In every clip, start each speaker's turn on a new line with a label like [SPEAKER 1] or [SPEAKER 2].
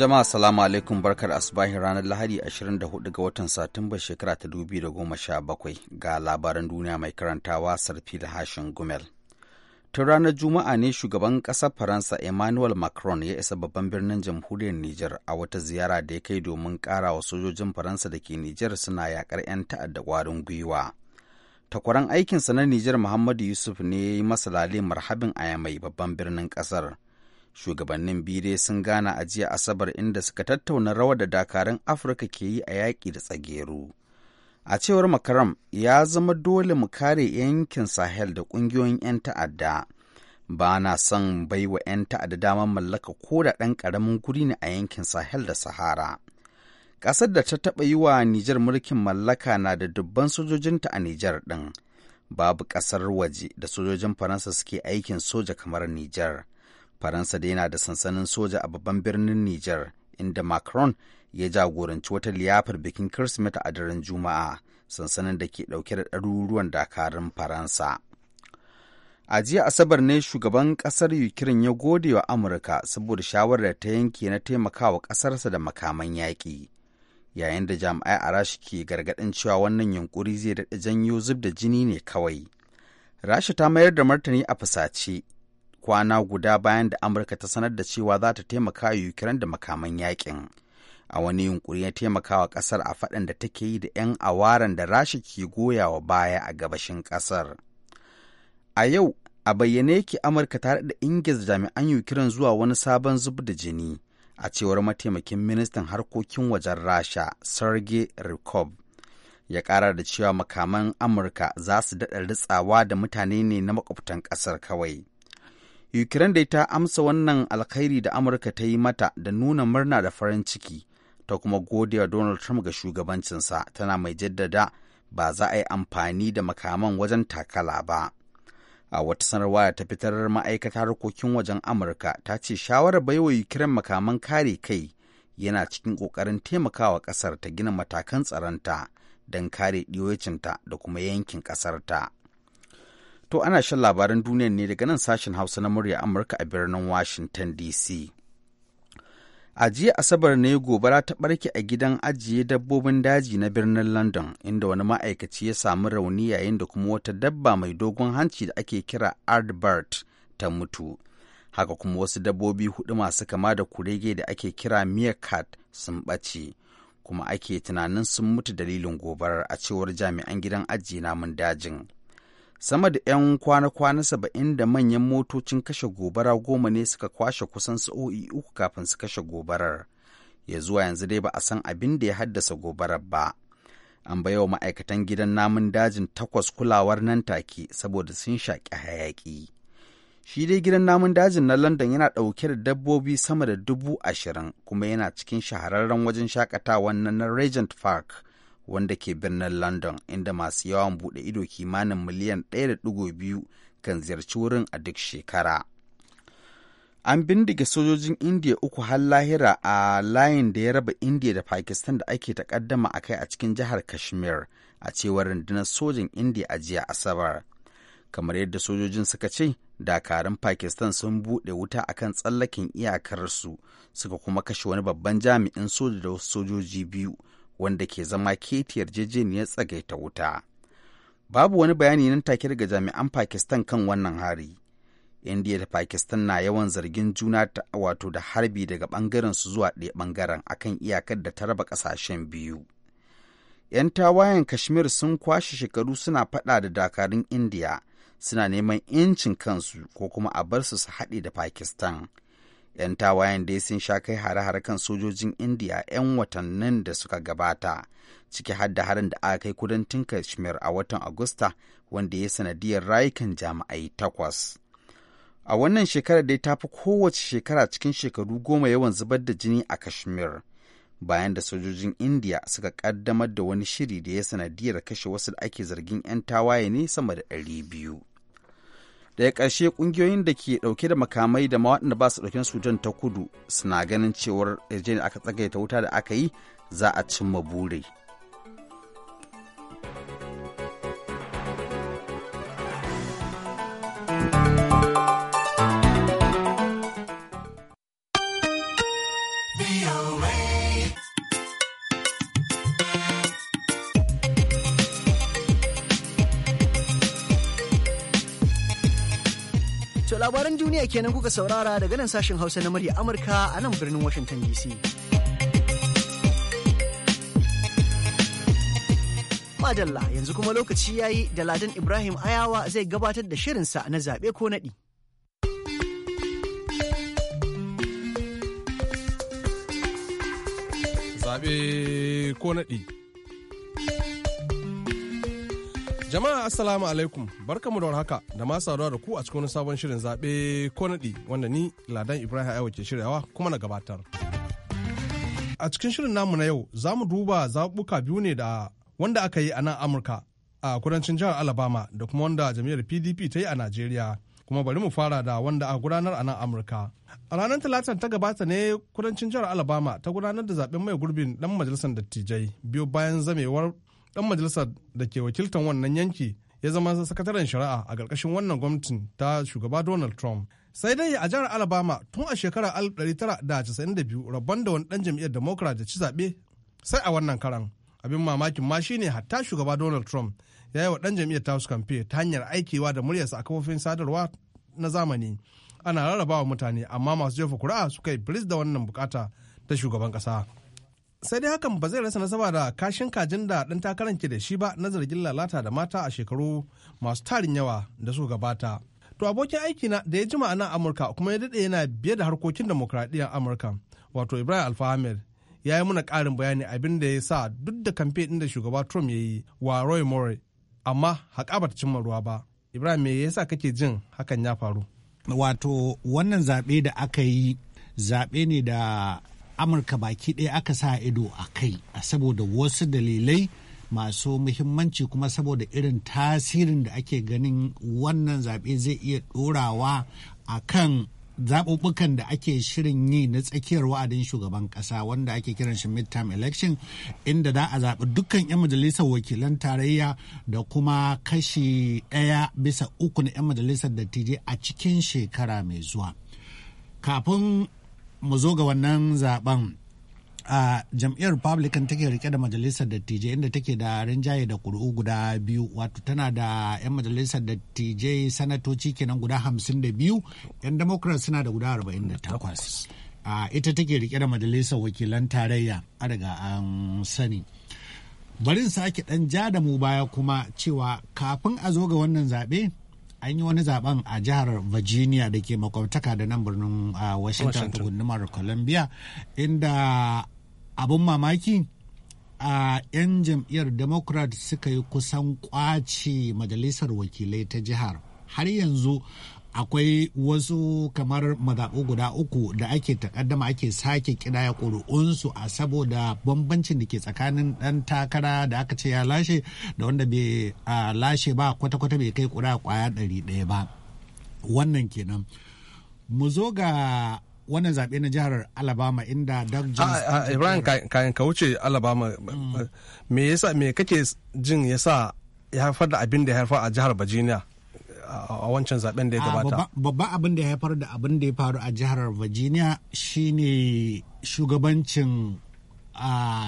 [SPEAKER 1] Jama'a salamu alaikum barkar asubahi ranar Lahadi 24 ga watan Satumba shekara ta sha 2017 ga labaran duniya mai karantawa da Hashin Gumel. Tun ranar Juma'a ne shugaban ƙasar Faransa Emmanuel Macron ya isa babban birnin jamhuriyar Niger a wata ziyara da ya kai domin ƙara wa sojojin Faransa da ke Niger suna yaƙar 'yan ta'adda ƙwarin gwiwa. Takwaran aikinsa na Niger Muhammadu Yusuf ne ya yi masa lale marhabin a mai babban birnin ƙasar. shugabannin dai sun gana a jiya asabar inda suka tattauna rawar da dakarun afirka ke yi a yaƙi da tsageru a cewar makaram ya zama dole mu kare yankin sahel da ƙungiyoyin 'yan ta'adda ba na son bai wa 'yan ta'adda damar mallaka ko da ɗan ƙaramin guri ne a yankin sahel da sahara ƙasar da ta taɓa yi wa nijar mulkin mallaka na da dubban sojojinta a nijar ɗin babu ƙasar waje da sojojin faransa suke aikin soja kamar nijar Faransa da yana da sansanin soja a babban birnin Nijar, inda Macron ya jagoranci wata liyafar bikin Kirsimeti a daren Juma'a, sansanin da ke dauke da ɗaruruwan dakarun Faransa. A jiya Asabar ne shugaban kasar Ukraine ya gode wa Amurka saboda shawarar da ta yanke na taimakawa kasarsa da makaman yaƙi. Yayin da jami'ai a rashi ke gargaɗin cewa wannan yunkuri zai daɗa janyo zub da jini ne kawai. Rasha ta mayar da martani a fusace kwana guda bayan da amurka ta sanar da cewa za ta taimaka wa ukraine da makaman yakin a wani yunkuri na taimakawa kasar a faɗin da take yi da 'yan awaran da rasha ke goya wa baya a gabashin kasar a yau a bayyane yake amurka tare da ingiz jami'an ukraine zuwa wani sabon zub da jini a cewar mataimakin ministan harkokin wajen rasha sergei rikov ya ƙara da cewa makaman amurka za su daɗa ritsawa da mutane ne na makwabtan ƙasar kawai Ukraine dai ta amsa wannan alkhairi da Amurka ta yi mata da nuna murna da farin ciki ta kuma godewa Donald Trump ga shugabancinsa tana mai jaddada ba za a yi amfani da makaman wajen takala ba. A wata sanarwa ta fitar ma'aikata harkokin wajen Amurka ta ce shawarar baiwa Ukraine makaman kare kai yana cikin ƙoƙarin taimakawa ƙasar ta gina matakan tsaronta don kare da kuma yankin ƙasarta. To ana shan labaran duniya ne daga nan sashen Hausa na murya Amurka a birnin Washington DC. A jiya Asabar ne gobara ta barke a gidan ajiye dabbobin daji na birnin London, inda wani ma'aikaci ya samu rauni yayin da kuma wata dabba mai dogon hanci da ake kira Ardbert ta mutu. Haka kuma wasu dabbobi hudu masu kama da kurege da ake kira meerkat sun ɓace, kuma ake tunanin sun mutu dalilin gobarar a cewar jami'an gidan ajiye namun dajin. sama da 'yan kwana-kwana saba'in da manyan motocin kashe gobara goma ne suka kwashe kusan sa'o'i uku kafin su kashe gobarar ya zuwa yanzu dai ba a san abin da ya haddasa gobarar ba an wa ma'aikatan gidan namun dajin takwas kulawar nan take saboda sun shaƙi hayaƙi shi dai gidan namun dajin na london yana ɗauke da dabbobi sama da dubu ashirin kuma yana cikin shahararren wajen shakatawa na regent park wanda ke birnin London inda masu yawan bude ido kimanin miliyan 1.2 kan ziyarci wurin a duk shekara. An bindige sojojin Indiya uku har lahira a layin da ya raba Indiya da Pakistan da ake takaddama a kai a cikin jihar Kashmir a cewar rundunar sojin Indiya a jiya Asabar. Kamar yadda sojojin suka ce, dakarun Pakistan sun buɗe wuta akan tsallakin iyakarsu suka kuma kashe wani babban jami'in soja da wasu sojoji biyu wanda ke zama keti yarjejeniyar tsagaita wuta babu wani bayani nan take daga jami'an pakistan kan wannan hari indiya da pakistan na yawan zargin juna ta wato da harbi daga bangaren su zuwa ɗaya bangaren akan iyakar da ta raba ƙasashen biyu 'yan tawayen kashmir sun kwashe shekaru suna faɗa da dakarun indiya suna neman 'yancin kansu ko kuma a bar su su haɗe da pakistan 'yan tawayen dai sun sha kai hare-hare kan sojojin indiya 'yan watannin da suka gabata ciki har da harin da aka kai kudancin kashmir a watan agusta wanda ya sanadiyar rayukan jami'ai takwas a wannan shekarar dai ta fi kowace shekara cikin shekaru goma yawan zubar da jini a kashmir bayan da sojojin indiya suka kaddamar da wani shiri da ya sanadiyar kashe wasu da ake zargin 'yan tawaye ne sama da biyu. daga ƙarshe ƙungiyoyin da ke ɗauke da makamai da waɗanda ba su ɗauken sudan ta kudu suna ganin cewar yarjejeniyar aka tsagaita wuta da aka yi za a cimma buri
[SPEAKER 2] kenan kuka saurara daga nan sashen Hausa na murya Amurka a nan birnin Washington DC. Madalla yanzu kuma lokaci yayi da Ladan Ibrahim Ayawa zai gabatar da shirinsa na zaɓe ko naɗi.
[SPEAKER 3] Zaɓe ko naɗi. Jama'a Assalamu alaikum barkamu da haka da ma saduwa da ku a cikin sabon shirin zaɓe ko naɗi wanda ni Ladan Ibrahim Aiwa ke shiryawa kuma na gabatar. A cikin shirin namu na yau za mu duba zaɓuka biyu ne da wanda aka yi a nan Amurka a kudancin jihar Alabama da kuma wanda jam'iyyar PDP ta yi a Najeriya. kuma bari mu fara da wanda a gudanar a nan amurka a ranar Talatan ta gabata ne kudancin jihar alabama ta gudanar da zaɓen mai gurbin ɗan majalisar dattijai biyu bayan zamewar dan majalisar da ke wakiltar wannan yanki ya zama sakataren shari'a a ƙarƙashin wannan gwamnatin ta shugaba donald trump sai dai a jihar alabama tun a shekarar 1992 rabon da wani dan jam'iyyar democrat da ci zaɓe sai a wannan karan abin mamakin ma shine hatta shugaba donald trump ya yi wa dan jam'iyyar su kamfe ta hanyar aikewa da muryarsa a kafofin sadarwa na zamani ana rarrabawa mutane amma masu jefa kuri'a suka yi da wannan bukata ta shugaban ƙasa. sai dai hakan ba zai rasa nasaba da kashin kajin da ɗan takarar ke da shi ba na zargin lalata da mata a shekaru masu tarin yawa da su gabata. To abokin aiki na da ya jima a Amurka kuma ya daɗe yana biye da harkokin demokradiyyar Amurka wato Ibrahim Alfahamed ya yi muna ƙarin bayani abin da ya sa duk da kamfe ɗin da shugaba Trump ya yi wa Roy Moore amma haƙa bata cimma ruwa ba.
[SPEAKER 4] Ibrahim me yasa kake jin hakan ya faru? Wato wannan zaɓe da aka yi zaɓe ne da amurka baki ɗaya aka sa ido a kai a saboda wasu dalilai masu muhimmanci kuma saboda irin tasirin da ake ganin wannan zaɓe zai iya ɗorawa a kan zaɓuɓɓukan da ake shirin yi na tsakiyar wa'adin shugaban ƙasa wanda ake kiran shi midterm election inda za a zaɓi dukkan 'yan majalisar wakilan tarayya da kuma kashi ɗaya bisa uku na 'yan majalisar dattijai a cikin shekara mai zuwa kafin mu zo ga wannan zaben a jam'iyyar republican take rike da majalisar dattijai inda take da rinjaye da kuri'u guda biyu wato tana da 'yan majalisar dattijai sanatoci kenan guda 52 'yan democrats suna da guda 48 a ita take rike da majalisar wakilan tarayya a daga an sani barin sake dan ja da mu baya kuma cewa kafin a zo ga wannan zaɓe an yi wani zaben a jihar virginia da ke makwabtaka da nan birnin washington gundumar columbia inda abin mamaki a 'yan jam'iyyar democrat suka yi kusan kwace majalisar wakilai ta jihar har yanzu akwai wasu kamar mazaɓu guda uku da ake takaddama ake sake ya ƙuri'unsu a saboda bambancin da ke tsakanin ɗan takara da aka ce ya lashe da wanda bai lashe ba kwata-kwata bai kai ƙura ƙwaya ɗari ɗaya ba wannan kenan mu zo ga wannan zaɓe na jihar alabama inda doug jones ibrahim
[SPEAKER 3] kayan ka wuce alabama mm. me yasa me kake jin yasa ya haifar da abin da ya haifar a jihar virginia a wancan zaben da ya gabata
[SPEAKER 4] babban abin da ya haifar da abin da ya faru a jihar virginia shine shugabancin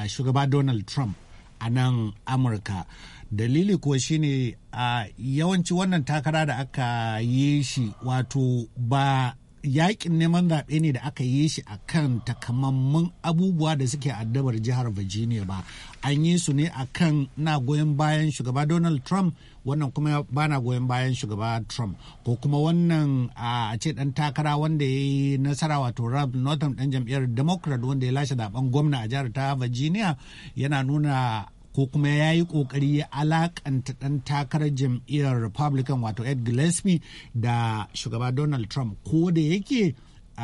[SPEAKER 4] shugaba donald trump a nan amurka dalili kuwa shine a yawanci wannan takara da aka yi shi wato ba yakin neman zaɓe ne da aka yi shi a kan takamammun abubuwa da suke addabar jihar virginia ba an yi su ne a kan na goyon bayan shugaba donald trump wannan kuma bana goyon bayan shugaba trump ko kuma wannan a ce dan takara wanda ya yi nasara wato rab northam dan jam'iyyar democrat wanda ya lashe zaben gwamna a jihar ta virginia yana nuna ko kuma ya yi kokari ya alakanta dan takarar jam'iyyar republican wato ed gillespie da shugaba donald trump ko da yake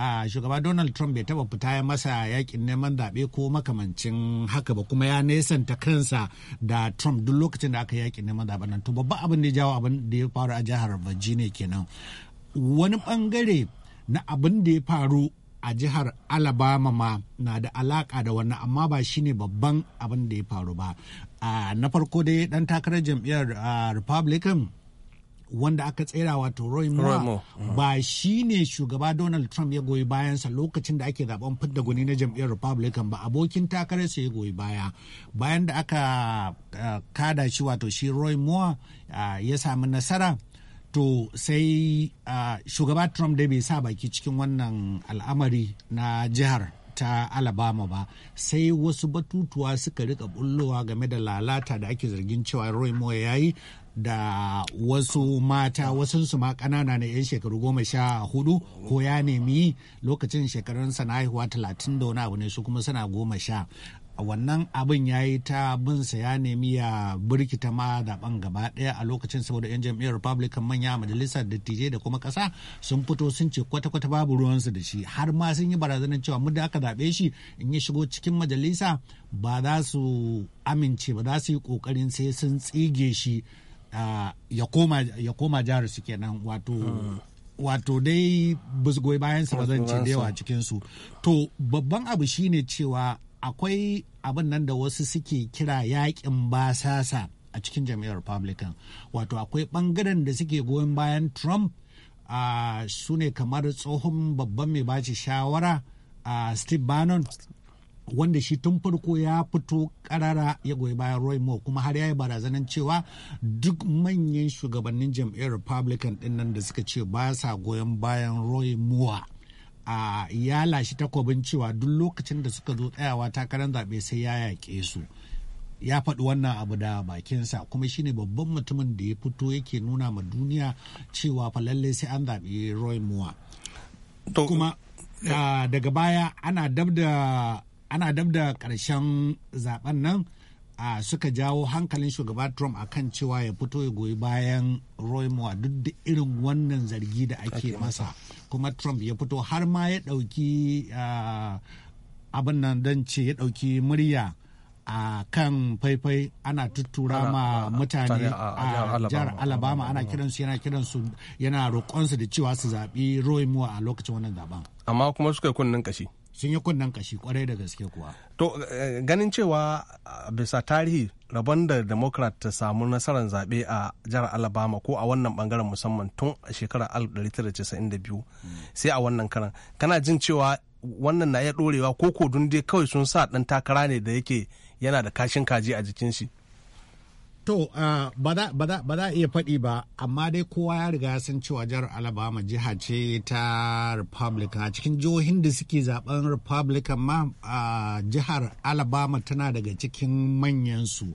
[SPEAKER 4] a shugaba donald trump bai taba fita ya masa yakin neman zaɓe ko makamancin haka ba kuma ya nesanta kansa da trump duk lokacin da aka yakin neman zaɓe nan to babba abin da ya jawo abin da ya faru a jihar virginia kenan wani bangare na abin da ya faru a jihar alabama ma na da alaka da wannan amma ba shine babban abin da ya faru ba na farko dai dan takarar jam'iyyar republican wanda aka tsera wato Roy Moore mm. ba shi ne shugaba Donald Trump ya goyi bayansa lokacin da ake zaben fidda guni na jam'iyyar Republican ba abokin takararsa ya goyi baya bayan da aka uh, kada shi wato shi Roy Moore uh, ya sami nasara to sai uh, shugaba Trump da bai sa baki cikin wannan al'amari na jihar ta Alabama ba sai wasu batutuwa suka rika bullowa game da lalata da ake zargin cewa Roy Moore ya yi da wasu mata su ma kanana na 'yan shekaru goma sha hudu ko ya nemi lokacin shekarun na talatin da wani abu ne su kuma suna goma sha wannan abin ya yi ta binsa ya nemi ya birkita ma zaben gaba daya a lokacin saboda yan jam'iyyar republican manya majalisar dattijai da kuma kasa sun fito sun ce kwata-kwata babu ruwansu da shi har ma sun yi barazanar cewa muddin aka zaɓe shi in ya shigo cikin majalisa ba za su amince ba za su yi ƙoƙarin sai sun tsige shi ya koma ya jihar su kenan wato wato dai goyi bayan su ba ce da yawa cikin su to babban abu shine cewa akwai abin nan da wasu suke kira yakin basasa a cikin jam'iyyar republican wato akwai bangaren da suke goyon bayan trump uh, su ne kamar tsohon babban mai baci shawara uh, steve bannon wanda shi tun farko ya fito karara ya goyi bayan roy moore kuma har ya yi barazanan cewa duk manyan shugabannin jam'iyyar republican din nan da suka ce ba sa goyon bayan roy moore a ya lashi takwabin cewa duk lokacin da suka zo tsayawa takarar zaɓe sai ya yaƙe su ya faɗi wannan abu da bakinsa kuma shine babban mutumin da ya fito yake nuna ma duniya cewa fa lallai sai an zaɓi roy moore kuma daga baya ana dab da ana dab da karshen zaben nan a suka jawo hankalin shugaba trump a kan cewa ya fito ya goyi bayan roy moore duk da irin wannan zargi da ake masa kuma trump ya fito har ma ya ɗauki abin nan don ce ya dauki murya a kan faifai ana tuttura ma mutane a jihar alabama ana kiransu yana kiransu yana roƙonsu da cewa su zaɓi roy moore a lokacin wannan zaben
[SPEAKER 3] amma kuma suka yi kunnen
[SPEAKER 4] kashi sun yi kunnen kashi kwarai da gaske kuwa.
[SPEAKER 3] To eh, ganin cewa bisa tarihi rabon da Democrat ta samu nasarar zaɓe a jihar Alabama ko a wannan bangaren musamman tun a shekarar 1992 sai a wannan karan. Kana jin cewa wannan na iya ɗorewa ko ko dai kawai sun sa ɗan takara ne da yake yana da kashin kaji a jikin shi.
[SPEAKER 4] To, uh, ba za a iya faɗi ba, amma dai kowa ya riga ya san cewa jihar Alabama jiha ce ta Republican. A cikin jihohin da suke zaben Republican ma uh, jihar Alabama tana daga cikin manyansu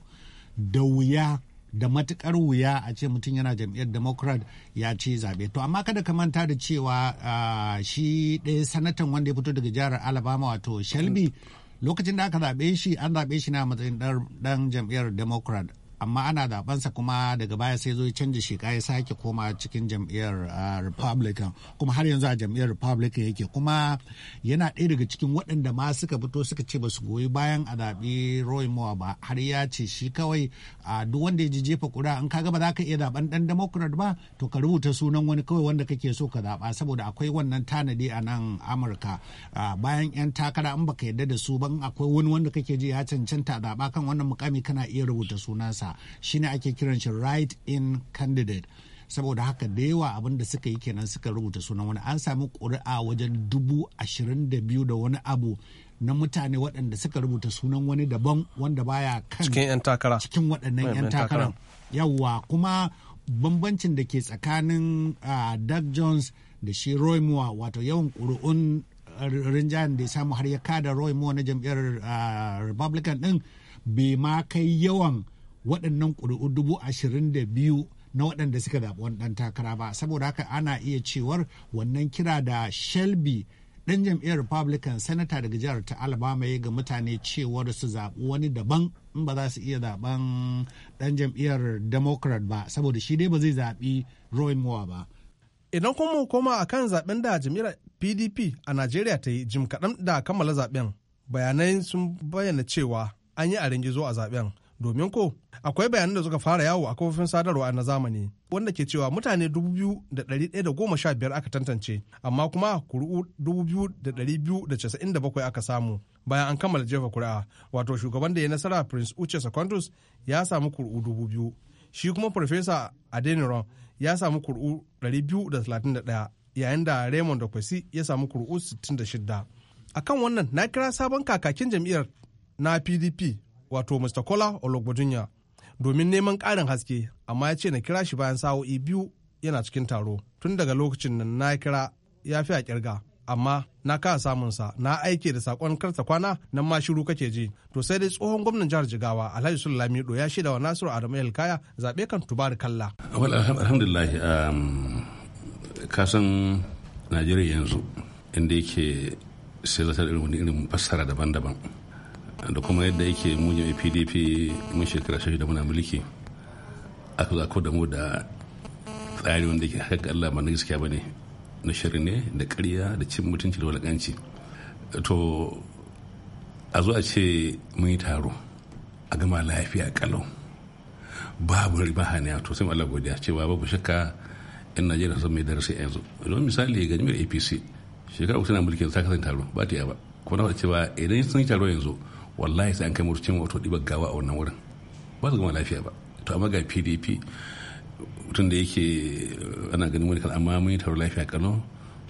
[SPEAKER 4] da wuya da matukar wuya a ce mutum yana jam'iyyar democrat ya ci zaɓe to amma kada ka manta da cewa uh, shi ɗaya sanatan wanda ya fito daga jihar alabama wato shelby lokacin da aka zaɓe shi an zaɓe shi na matsayin ɗan jam'iyyar democrat amma ana zabansa kuma daga baya sai zo canza sheka ya sake koma cikin jam'iyyar ah, republican kuma har yanzu a jam'iyyar republican yake kuma yana ɗaya daga cikin waɗanda ma suka fito suka ce ba su goyi bayan a zaɓi roy moore ba har ya ce shi kawai a ah, duk wanda ya ji jefa kura in ka ba za ka iya zaɓen dan democrat ba to ka rubuta sunan wani kawai wanda kake so ka zaɓa saboda akwai wannan tanadi a nan amurka ah, bayan 'yan takara in baka yarda da su ban akwai wani wanda kake ji ya cancanta zaɓa kan wannan mukami kana iya rubuta sunansa shi ne ake kiran shi right in candidate saboda haka da yawa abin da suka yi kenan suka rubuta sunan wani an samu ƙuri'a wajen dubu ashirin da biyu da wani abu na mutane waɗanda suka rubuta sunan wani daban wanda baya kan cikin
[SPEAKER 3] 'yan takara cikin
[SPEAKER 4] waɗannan 'yan takara yawa kuma bambancin da ke tsakanin Doug Jones da shi Roy Moore wato yawan ƙuri'un rinjayen da ya samu har ya kada Roy Moore na jam'iyyar Republican ɗin bai ma kai yawan waɗannan ƙuri'u dubu ashirin da biyu na waɗanda suka zaɓi wani ɗan takara ba saboda haka ana iya cewar wannan kira da shelby ɗan jam'iyyar republican sanata daga jihar ta alabama ya ga mutane cewar su zaɓi wani daban in ba za su iya zaɓen ɗan jam'iyyar democrat ba saboda shi dai ba zai zaɓi roy moore ba idan kuma hukuma a kan zaɓen da jam'iyyar pdp a najeriya ta yi jim
[SPEAKER 3] kaɗan da kammala zaɓen bayanai sun bayyana cewa an yi a gizo a zaɓen domin ko akwai bayanan da suka fara yawo a kafofin sadarwa na zamani wanda ke cewa mutane 2,115 aka tantance amma kuma kuri'u 2,297 aka samu bayan an kammala jefa kuri'a wato shugaban da ya nasara prince uche secondus ya samu kuri'u 2,000 shi kuma farfesa adeniron ya samu kuri'u 231 yayin da raymond da kwasi ya samu kuri'u 66 akan wannan na kira sabon kakakin jam'iyyar na pdp wato Mr. Kola Ologbodunya domin neman ƙarin haske amma ya ce na kira shi bayan sa'o'i biyu yana cikin taro tun daga lokacin nan na kira ya fi a kirga amma na kasa sa na aike da sakon karta kwana nan ma shiru kake ji to sai dai tsohon gwamnan jihar jigawa alhaji sulami do ya shaida wa nasiru adamu Kaya zaɓe kan tubari kalla alhamdulillah
[SPEAKER 5] um, kasan najeriya yanzu inda yake sai zata irin wani irin fassara daban-daban da kuma yadda yake mu jami'a pdp mun shekara shashi da muna mulki aka zako da mu da tsari wanda yake haka allah ba na gaskiya ba ne na shirin ne da ƙarya da cin mutunci da walakanci to a zuwa ce mun yi taro a gama lafiya kalau babu riba haniya to sai allah godiya cewa babu shakka in najeriya sun mai darasi yanzu don misali ga jami'ar apc shekara uku suna mulkin sa kasance taro ba ta yaba kuma na cewa idan sun yi taro yanzu wallahi sai an kai murcin wato ɗibar gawa a wannan wurin ba su gama lafiya ba to amma ga pdp mutum da yake eh, ana ganin wani kalamma mun yi taro lafiya kano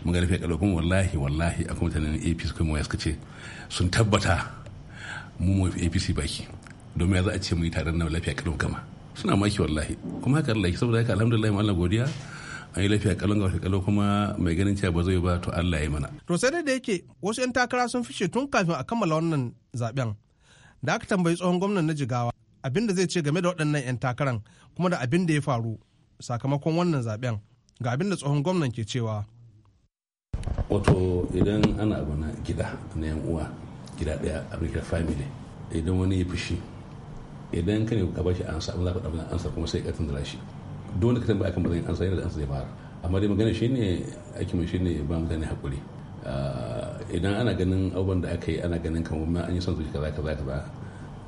[SPEAKER 5] mun ga lafiya kano kuma wallahi wallahi a kuma mutanen apc kuma ya suka ce sun tabbata mu mu apc baki domin ya za a ce mun yi taron na lafiya kano gama suna maki wallahi kuma haka Allah saboda haka alhamdulillah mu Allah godiya an yi lafiya kalon ga kalau kuma mai ganin cewa ba zai ba to Allah ya mana
[SPEAKER 3] to sai da yake wasu yan takara sun fice tun kafin a kammala wannan zaben da aka tambayi tsohon gwamnan na jigawa abin da zai ce game da waɗannan 'yan takaran kuma da abin da ya faru sakamakon wannan zaben ga abin da tsohon gwamnan ke cewa
[SPEAKER 5] wato idan ana abu na gida na yan uwa gida daya amurka family idan wani ya fushi idan ka ne ka bashi ansa abin za ka ɗaɓa ansa kuma sai ka tundura shi dole ka tambaya kan matsayin ansa yana da ansa zai fara amma dai magana ne aikin shi ne ba mutane hakuri ah, idan ana ganin abubuwan da aka yi ana ganin kamar ma an yi son zuci kaza kaza kaza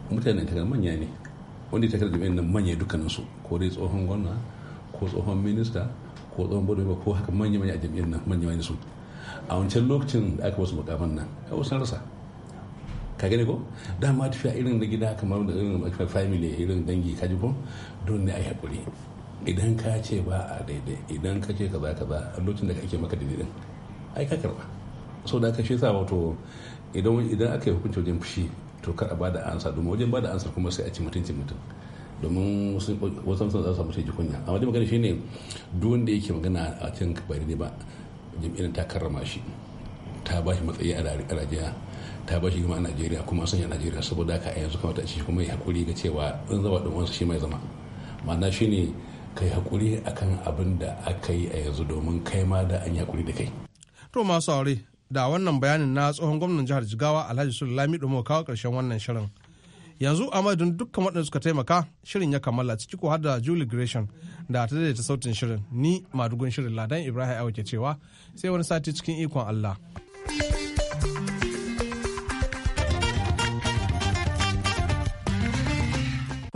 [SPEAKER 5] mutane ta manya ne wanda ta karɓi nan manya dukkanin su ko dai tsohon gwamna ko tsohon minista ko tsohon bodoba ko haka manya manya a jami'in nan manya manya su a wancan lokacin da aka wasu mukaman nan a wasu rasa ka gani ko dama tafiya irin da gida kamar da irin family irin dangi ka ji ko don ne a yi haƙuri idan ka ce ba a daidai idan ka ce kaza kaza a lokacin da kake maka daidai ai ka karba so da aka shi sa wato idan aka yi hukunci wajen fushi to kada ba bada ansa domin wajen bada ansa kuma sai a ci mutunci mutum domin wasu sun za su samu sai kunya amma dai magana shine duk wanda yake magana a cikin bari ne ba jam'iyyar ta karrama shi ta ba shi matsayi a rajiya ta ba shi girma a najeriya kuma sanya najeriya saboda haka a yanzu kamata a ci kuma ya hakuri ga cewa in zama ɗan wasu shi mai zama ma'ana shine yi hakuri akan abin da aka yi a yanzu domin kai ma da an yi hakuri da kai
[SPEAKER 3] to masu aure da wannan bayanin na tsohon gwamnan jihar jigawa alhaji sulalami domin kawo karshen wannan shirin yanzu a madadin dukkan waɗanda suka taimaka shirin ya kammala ciki ko har da julie gresham da ta daidaita sautin shirin ni madugun shirin ladan ibrahim awa ke cewa sai wani sati cikin ikon allah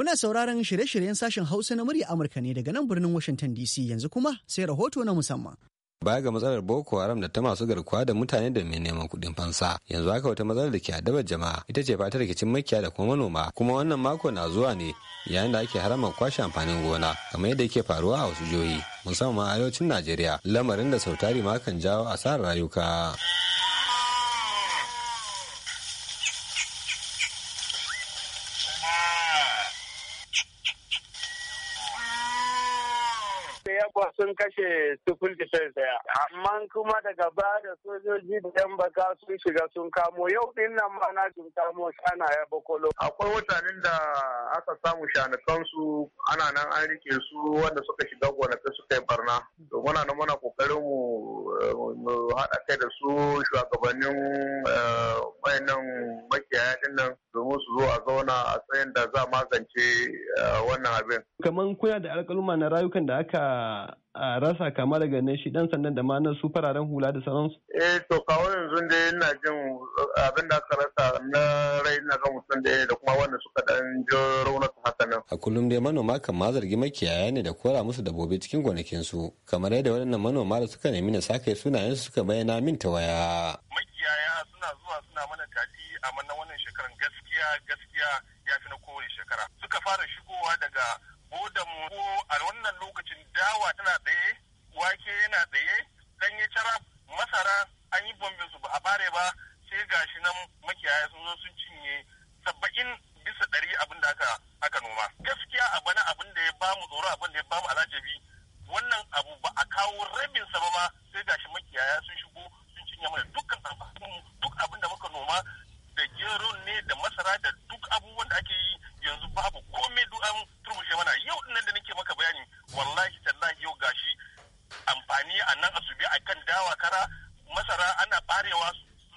[SPEAKER 2] Kuna sauraron shirye-shiryen sashen Hausa na murya Amurka ne daga nan birnin Washington DC yanzu kuma sai rahoto na musamman.
[SPEAKER 6] baya ga matsalar boko haram da ta masu garkuwa da mutane da mai neman kuɗin fansa yanzu haka wata matsalar da ke adabar jama'a ita ce fata rikicin makiya da kuma manoma kuma wannan mako na zuwa ne yayin da ake haramar kwashe amfanin gona kamar yadda yake faruwa a wasu jihohi musamman arewacin najeriya lamarin da sautari ma kan jawo asarar rayuka
[SPEAKER 7] sun kashe sufil defense daya amma kuma daga baya da sojoji da yan baka sun shiga sun kamo yau din nan ma na sun kamo shana ya bakolo akwai mutanen da aka samu shanukan ana nan an rike su wanda suka shiga gonakai suka yi barna to muna nan muna kokarin mu haɗa kai da su shugabannin eh, wayannan makiyaya din nan domin su zo a zauna a tsayin da za magance
[SPEAKER 6] eh, wannan abin kaman kuna da alƙaluma na rayukan da aka a rasa kama daga ne shi dan sannan da ma na su fararen hula da sauransu?
[SPEAKER 7] Eh to kawo yanzu da yana jin abin da aka rasa na rai na ga mutum da da kuma wanda suka dan ji raunata
[SPEAKER 6] haka nan. A kullum dai manoma kan ma zargi makiyaya ne da kora musu dabbobi cikin gonakin su kamar yadda waɗannan manoma da suka nemi na sakai sunayen su suka bayyana min ta waya.
[SPEAKER 8] Makiyaya suna zuwa suna mana tati a manna wannan shekaran gaskiya gaskiya ya fi na kowane shekara. Suka fara shigowa daga ko da mu ko a wannan lokacin dawa tana tsaye wake yana tsaye ganye cara masara an yi bombin su ba a bare ba sai gashi nan makiyaya sun zo sun cinye saba'in bisa ɗari abin da aka aka noma gaskiya a bana abin da ya bamu tsoro abin da ya bamu alajabi wannan abu ba a kawo rabin sa ba ma sai gashi makiyaya sun shigo sun cinye mana dukkan duk abin da muka noma da gero ne da masara da duk abubuwan da ake yi yanzu babu komai duk an turmushe mana yau nan da nake maka bayani wallahi tallahi yau gashi amfani a nan asubi a kan dawa kara masara ana barewa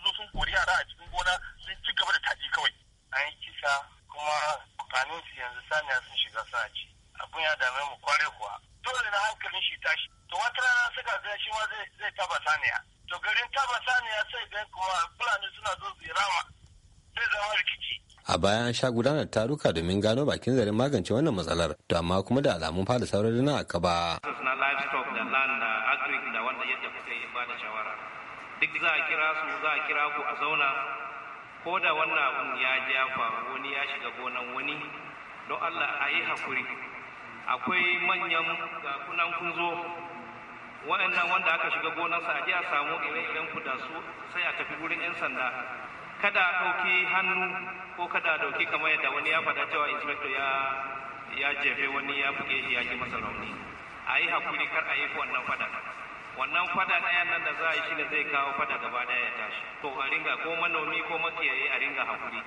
[SPEAKER 8] zo sun kori yara a cikin gona sun ci gaba da taji kawai an yi kisa kuma amfanin su yanzu saniya sun shiga suna ci abun ya dame mu kware kuwa dole na hankalin shi tashi to wata rana suka ga shi ma zai taba saniya to garin taba saniya sai gan kuma fulani suna zo su rama
[SPEAKER 6] zai zama rikici a baya an sha gudanar taruka domin gano bakin zarin magance wannan matsalar to amma kuma da alamun fada sauran na aka ba
[SPEAKER 8] na livestock da land da agric da wanda yadda shawara duk za a kira su za a kira ku a zauna ko da wannan abun ya je faru wani ya shiga gonan wani don Allah a yi hakuri akwai manyan kunan kun zo wa'annan wanda aka shiga gonansa a ji a samu ire-iren ku da su sai a tafi wurin 'yan sanda kada a ɗauki hannu ko kada a ɗauki kamar yadda wani ya faɗa cewa inspector ya ya jefe wani ya buge shi ya ji masa rauni a yi hakuri kar a yi wannan fada wannan fada ɗaya nan da za a yi shi ne zai kawo fada gaba ɗaya ya tashi to a ringa ko manomi ko makiyaye a ringa hakuri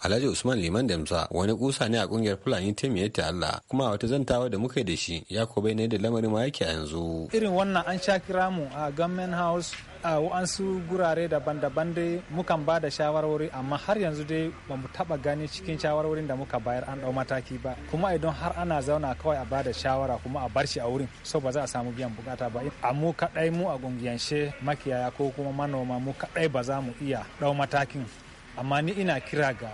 [SPEAKER 6] Alhaji Usman Liman Damsa wani kusa ne a kungiyar Fulani ta ta Allah kuma wata zantawa da muka yi da shi ya ko bai ne da lamarin ma yake yanzu. Irin wannan an sha kira mu a Government House a wa'ansu gurare daban-daban dai mukan ba da shawarwari amma har yanzu dai ba mu taba gani cikin shawarwarin da muka bayar an dau mataki ba kuma idan har ana zauna kawai a ba da shawara
[SPEAKER 4] kuma a bar shi a wurin so ba za a samu biyan bukata ba a mu kadai mu a gungiyanshe makiyaya ko kuma manoma mu kadai ba za mu iya dau matakin amma ni ina kira ga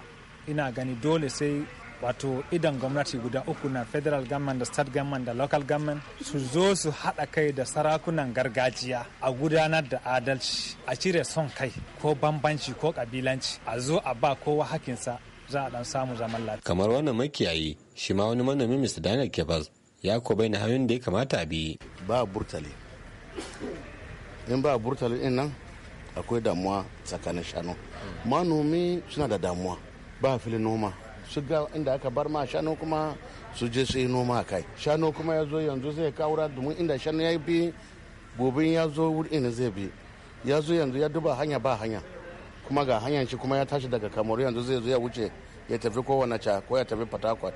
[SPEAKER 4] ina gani dole sai wato idan gwamnati guda uku na federal government da state government da local government su zo su haɗa kai da sarakunan gargajiya a gudanar da adalci a cire son kai ko bambanci ko kabilanci a zo a ba kowa hakinsa
[SPEAKER 6] za a dan samu zaman lafiya. kamar wannan makiyayi shi ma wani manomi mr daniel kebaz ya ko bai
[SPEAKER 5] na hanyoyin da ya kamata a bi. ba burtali in ba burtali din nan akwai damuwa tsakanin shanu manomi suna da damuwa ba filin noma su ga inda aka bar ma shanu kuma su je su yi noma kai shanu kuma ya zo yanzu zai kawura domin inda shanu ya bi gobin ya zo wuri ne zai bi ya zo yanzu ya duba hanya ba hanya kuma ga hanyar shi kuma ya tashi daga kamaru yanzu zai zo ya wuce ya tafi kowane ca ko ya tafi port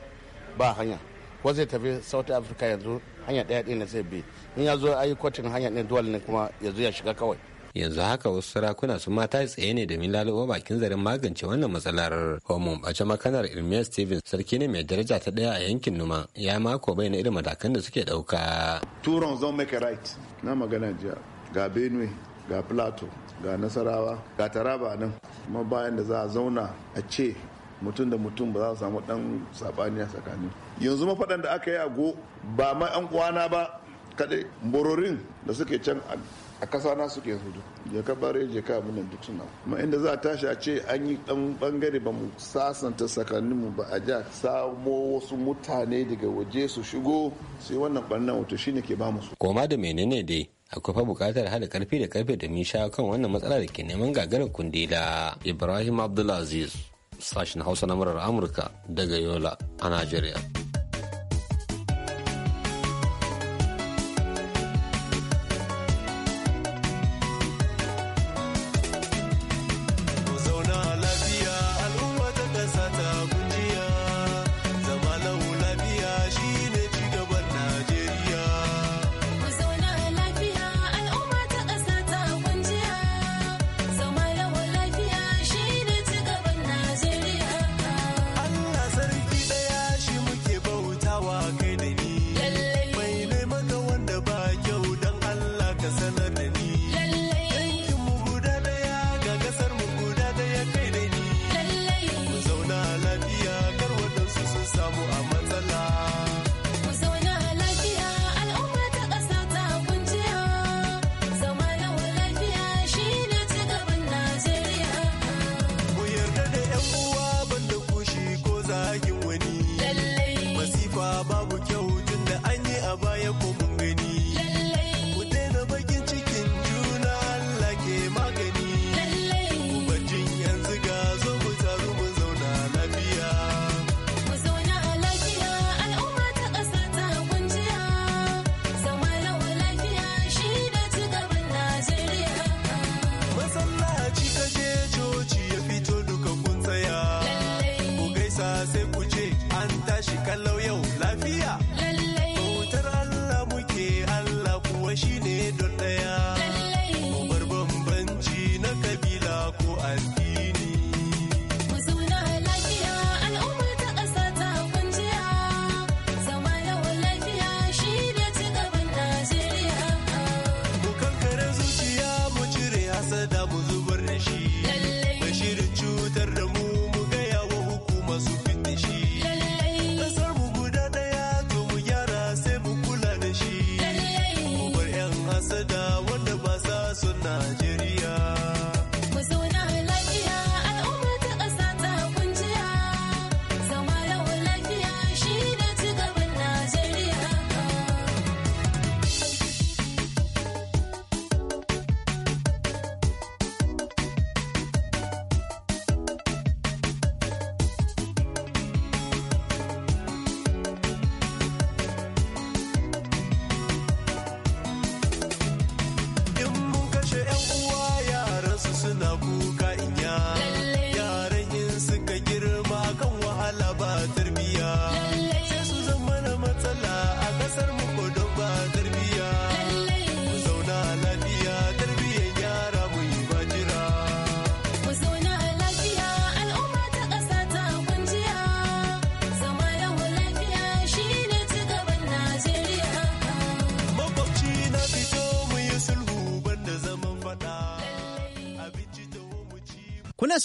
[SPEAKER 5] ba hanya ko zai tafi south africa yanzu hanya ɗaya ne zai bi in ya zo ayi kwatin hanya ne dole ne kuma ya zo ya shiga kawai
[SPEAKER 6] yanzu haka wasu sarakuna su mata tsaye ne domin lalubo bakin zarin magance wannan matsalar homon bace makanar irmiya stevens sarki ne mai daraja ta daya a yankin numa ya mako bai na irin matakan da suke dauka
[SPEAKER 5] two wrongs make a right na magana jiya ga benue ga plateau ga nasarawa ga taraba nan kuma bayan da za a zauna a ce mutum da mutum ba za su samu dan sabani tsakanin yanzu mafaɗan da aka yi a go ba ma 'yan kwana ba kadai. mbororin da suke can a kasa na suke hudu jaka ka bare je ka duk suna kuma inda za a tashi a ce an yi dan bangare ba mu sasanta sakannin ba a ja samo wasu mutane daga waje su shigo sai wannan barnan wato shine ke ba mu su
[SPEAKER 6] koma da menene dai akwai fa bukatar hada karfi da karfe da mun sha kan wannan matsala da ke neman gagarar kundila ibrahim abdulaziz sashen hausa na murar amurka daga yola a najeriya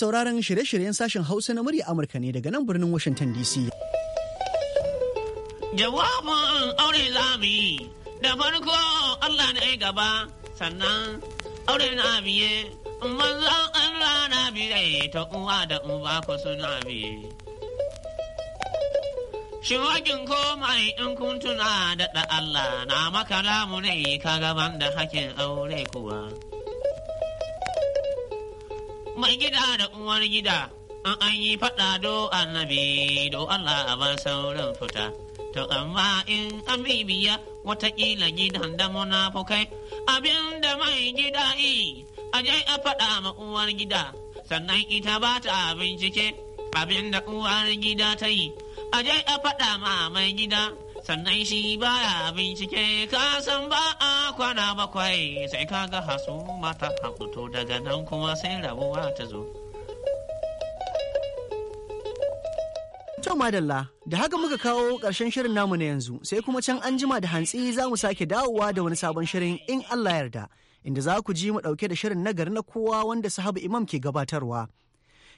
[SPEAKER 2] sauraron shirye-shiryen sashen Hausa na murya Amurka ne daga nan birnin Washington DC.
[SPEAKER 8] Jawabin aure zami da farko Allah na gaba sannan aure na biye mazan Allah na biye ta uwa da uba ku suna biye. ko komai in kun tuna da Allah na makala mu ne ka gaban da hakin aure kuwa. mai gida da uwar gida an an yi faɗa do annabi do Allah a ba sauran fita to amma in an bibiya watakila gidan da munafukai abin da mai gida yi a je a faɗa ma uwar gida sannan ita ba ta bincike abin da uwar gida ta yi a je a faɗa ma mai gida sannan shi ba baya bincike ka san ba a kwana bakwai sai ka ga hasu mata hakuto daga nan kuma sai rabuwa ta zo.
[SPEAKER 2] To madalla da haka muka kawo ƙarshen shirin namu na yanzu sai kuma can an jima da hantsi za mu sake dawowa da wani sabon shirin in Allah yarda inda za ku ji mu ɗauke da shirin nagari na kowa wanda sahabu imam ke gabatarwa.